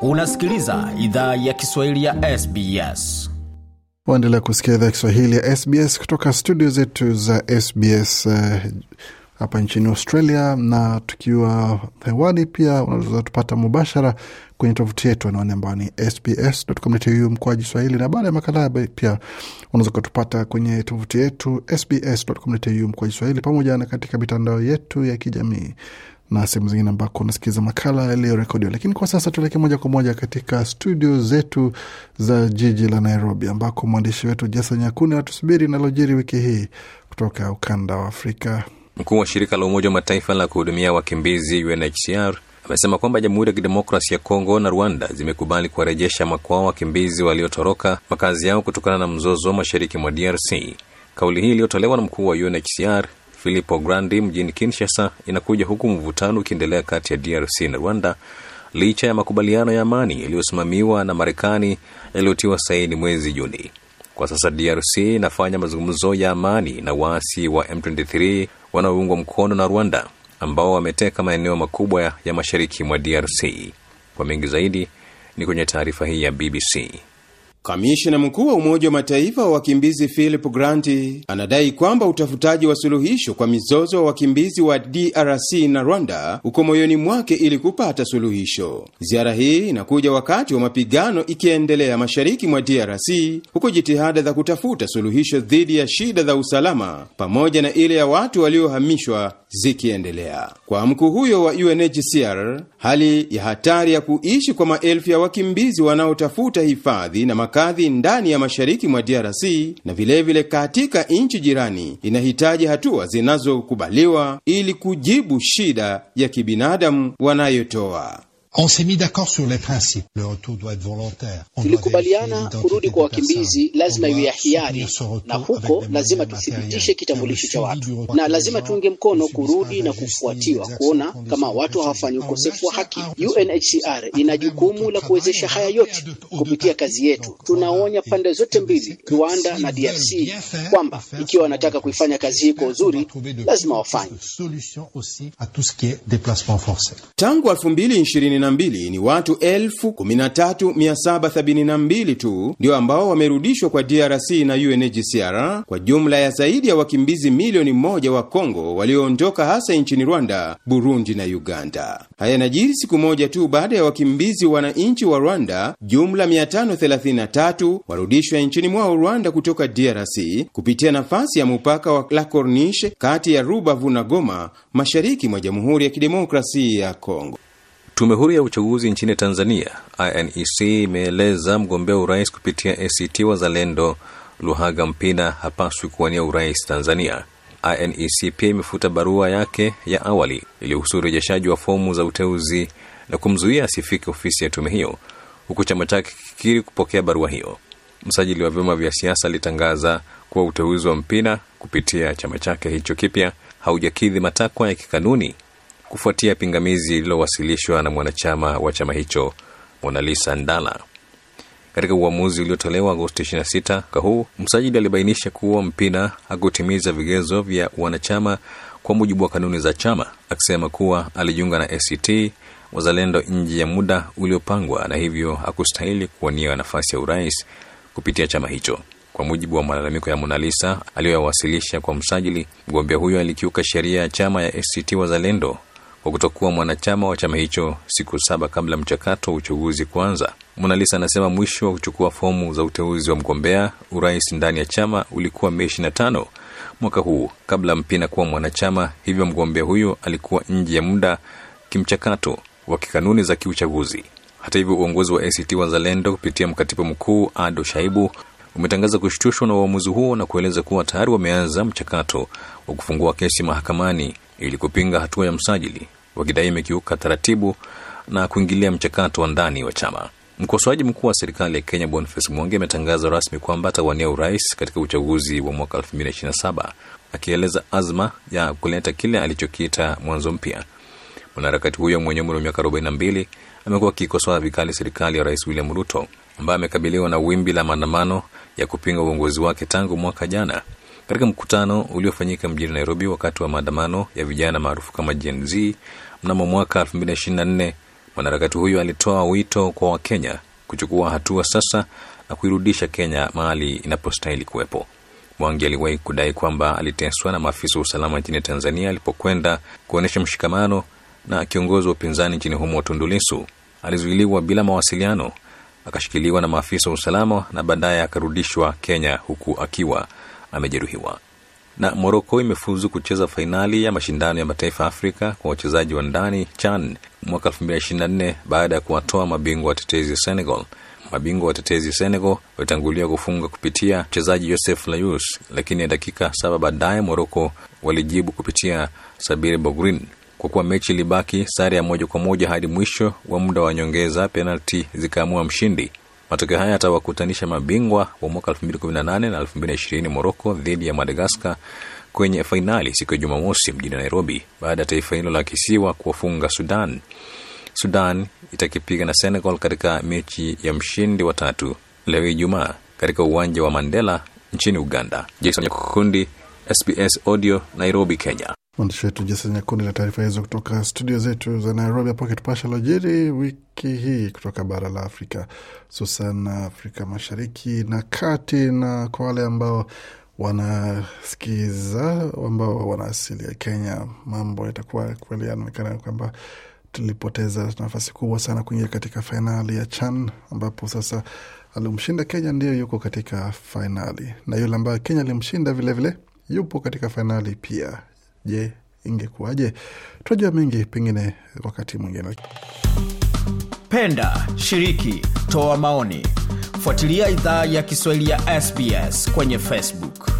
unasikiliza idhaa ya kiswahili ya sbs waendelea kusikia idhaa ya kiswahili ya sbs kutoka studio zetu za sbs uh, eh, hapa nchini Australia, na tukiwa hewani pia unaweza tupata mubashara kwenye tovuti yetu anaone ambao ni sbsu mkoaji swahili, na baada ya makala pia unaweza ukatupata kwenye tovuti yetu sbsu mkoaji swahili, pamoja na katika mitandao yetu ya kijamii na sehemu zingine ambako unasikiliza makala yaliyorekodiwa. Lakini kwa sasa tuelekee moja kwa moja katika studio zetu za jiji la Nairobi, ambako mwandishi wetu Jason Nyakuni anatusubiri inalojiri wiki hii kutoka ukanda wa Afrika. Mkuu wa shirika la Umoja wa Mataifa la kuhudumia wakimbizi UNHCR amesema kwamba Jamhuri ya Kidemokrasi ya Kongo na Rwanda zimekubali kuwarejesha makwao wakimbizi waliotoroka makazi yao kutokana na mzozo mashariki mwa DRC. Kauli hii iliyotolewa na mkuu wa UNHCR Filipo Grandi mjini Kinshasa inakuja huku mvutano ukiendelea kati ya DRC na Rwanda licha ya makubaliano ya amani yaliyosimamiwa na Marekani yaliyotiwa saini mwezi Juni. Kwa sasa DRC inafanya mazungumzo ya amani na waasi wa M23 wanaoungwa mkono na Rwanda ambao wameteka maeneo makubwa ya mashariki mwa DRC. Kwa mengi zaidi ni kwenye taarifa hii ya BBC kamishina mkuu wa Umoja wa Mataifa wa wakimbizi Philip Granti anadai kwamba utafutaji wa suluhisho kwa mizozo wa wakimbizi wa DRC na Rwanda uko moyoni mwake ili kupata suluhisho. Ziara hii inakuja wakati wa mapigano ikiendelea mashariki mwa DRC, huko jitihada za kutafuta suluhisho dhidi ya shida za usalama pamoja na ile ya watu waliohamishwa zikiendelea. Kwa mkuu huyo wa UNHCR, hali ya hatari ya kuishi kwa maelfu ya wakimbizi wanaotafuta hifadhi na makazi ndani ya mashariki mwa DRC na vilevile vile katika nchi jirani inahitaji hatua zinazokubaliwa ili kujibu shida ya kibinadamu wanayotoa. On s'est mis d'accord sur les principes. Le retour doit être volontaire. Tulikubaliana kurudi kwa wakimbizi lazima iwe ya hiari, na huko lazima tuthibitishe kitambulisho cha watu, na lazima tuunge mkono kurudi na kufuatiwa, kuona kama watu hawafanyi ukosefu wa haki. UNHCR ina jukumu la kuwezesha haya yote. Kupitia kazi yetu, tunaonya pande zote mbili, Rwanda na DRC, kwamba ikiwa wanataka kuifanya kazi hii kwa uzuri, lazima wafanye. Tangu 2020 12 ni watu 13772 tu ndio ambao wamerudishwa kwa DRC na UNHCR kwa jumla ya zaidi ya wakimbizi milioni moja wa Kongo walioondoka hasa nchini Rwanda, Burundi na Uganda. Haya yanajiri siku moja tu baada ya wakimbizi wananchi wa Rwanda jumla 533 warudishwa nchini mwao Rwanda kutoka DRC kupitia nafasi ya mupaka wa la Corniche kati ya Rubavu na Goma mashariki mwa Jamhuri ya Kidemokrasia ya Kongo. Tume huru ya uchaguzi nchini Tanzania, INEC, imeeleza mgombea urais kupitia ACT Wazalendo Luhaga Mpina hapaswi kuwania urais Tanzania. INEC pia imefuta barua yake ya awali iliyohusu urejeshaji wa fomu za uteuzi na kumzuia asifike ofisi ya tume hiyo, huku chama chake kikiri kupokea barua hiyo. Msajili wa vyama vya siasa alitangaza kuwa uteuzi wa Mpina kupitia chama chake hicho kipya haujakidhi matakwa ya kikanuni kufuatia pingamizi lililowasilishwa na mwanachama wa chama hicho Monalisa Ndala. Katika uamuzi uliotolewa Agosti 26 mwaka huu, msajili alibainisha kuwa Mpina hakutimiza vigezo vya wanachama kwa mujibu wa kanuni za chama, akisema kuwa alijiunga na ACT Wazalendo nje ya muda uliopangwa na hivyo hakustahili kuwania nafasi ya urais kupitia chama hicho. Kwa mujibu wa malalamiko ya Monalisa aliyoyawasilisha kwa msajili, mgombea huyo alikiuka sheria ya chama ya ACT Wazalendo kwa kutokuwa mwanachama wa chama hicho siku saba kabla mchakato wa uchaguzi kuanza. Mwanalisa anasema mwisho wa kuchukua fomu za uteuzi wa mgombea urais ndani ya chama ulikuwa Mei 25 mwaka huu, kabla Mpina kuwa mwanachama, hivyo mgombea huyo alikuwa nje ya muda kimchakato wa kikanuni za kiuchaguzi. Hata hivyo, uongozi wa ACT Wazalendo kupitia mkatibu mkuu Ado Shaibu umetangaza kushtushwa na uamuzi huo na kueleza kuwa tayari wameanza mchakato wa kufungua kesi mahakamani ili kupinga hatua ya msajili, wakidai imekiuka taratibu na kuingilia mchakato wa ndani wa chama. Mkosoaji mkuu wa serikali ya Kenya Boniface Mwangi ametangaza rasmi kwamba atawania urais katika uchaguzi wa mwaka 2027 akieleza azma ya kuleta kile alichokiita mwanzo mpya. Mwanaharakati huyo mwenye umri wa miaka 42 amekuwa akikosoa vikali serikali ya Rais William Ruto ambaye amekabiliwa na wimbi la maandamano ya kupinga uongozi wake tangu mwaka jana. Katika mkutano uliofanyika mjini Nairobi wakati wa maandamano ya vijana maarufu kama Gen Z mnamo mwaka 2024, mwanaharakati huyo alitoa wito kwa Wakenya kuchukua hatua sasa na kuirudisha Kenya mahali inapostahili kuwepo. Mwangi aliwahi kudai kwamba aliteswa na maafisa wa usalama nchini Tanzania alipokwenda kuonyesha mshikamano na kiongozi wa upinzani nchini humo tundulisu Alizuiliwa bila mawasiliano, akashikiliwa na maafisa wa usalama na baadaye akarudishwa Kenya huku akiwa amejeruhiwa. Na Moroko imefuzu kucheza fainali ya mashindano ya mataifa Afrika kwa wachezaji wa ndani CHAN mwaka 2024 baada ya kuwatoa mabingwa watetezi Senegal. Mabingwa watetezi Senegal walitangulia kufunga kupitia mchezaji Yosef Layus, lakini dakika saba baadaye Moroko walijibu kupitia Sabir Bogrin. Kwa kuwa mechi ilibaki sare ya moja kwa moja hadi mwisho wa muda wa nyongeza, penalti zikaamua mshindi. Matokeo haya yatawakutanisha mabingwa wa mwaka 2018 na 2020 Morocco dhidi ya madagascar kwenye fainali siku ya Jumamosi mjini Nairobi, baada ya taifa hilo la kisiwa kuwafunga Sudan. Sudan itakipiga na Senegal katika mechi ya mshindi wa tatu leo Ijumaa katika uwanja wa Mandela nchini Uganda. Jason Nyakundi, SBS Audio, Nairobi, Kenya. Mwandishi wetu Jason Nyakundi na taarifa hizo kutoka studio zetu za Nairobi, hapo akitupasha lojiri wiki hii kutoka bara la Afrika, hususan Afrika Mashariki na Kati, na kwa wale ambao wanasikiza ambao wana asili ya Kenya, mambo yatakuwa kweli, yanaonekana kwamba tulipoteza nafasi kubwa sana kuingia katika fainali ya CHAN ambapo sasa alimshinda Kenya ndio yuko katika fainali na yule ambayo Kenya alimshinda vilevile yupo katika fainali pia Je, ingekuwaje? Tunajua mengi, pengine wakati mwingine. Penda, shiriki, toa maoni, fuatilia idhaa ya Kiswahili ya SBS kwenye Facebook.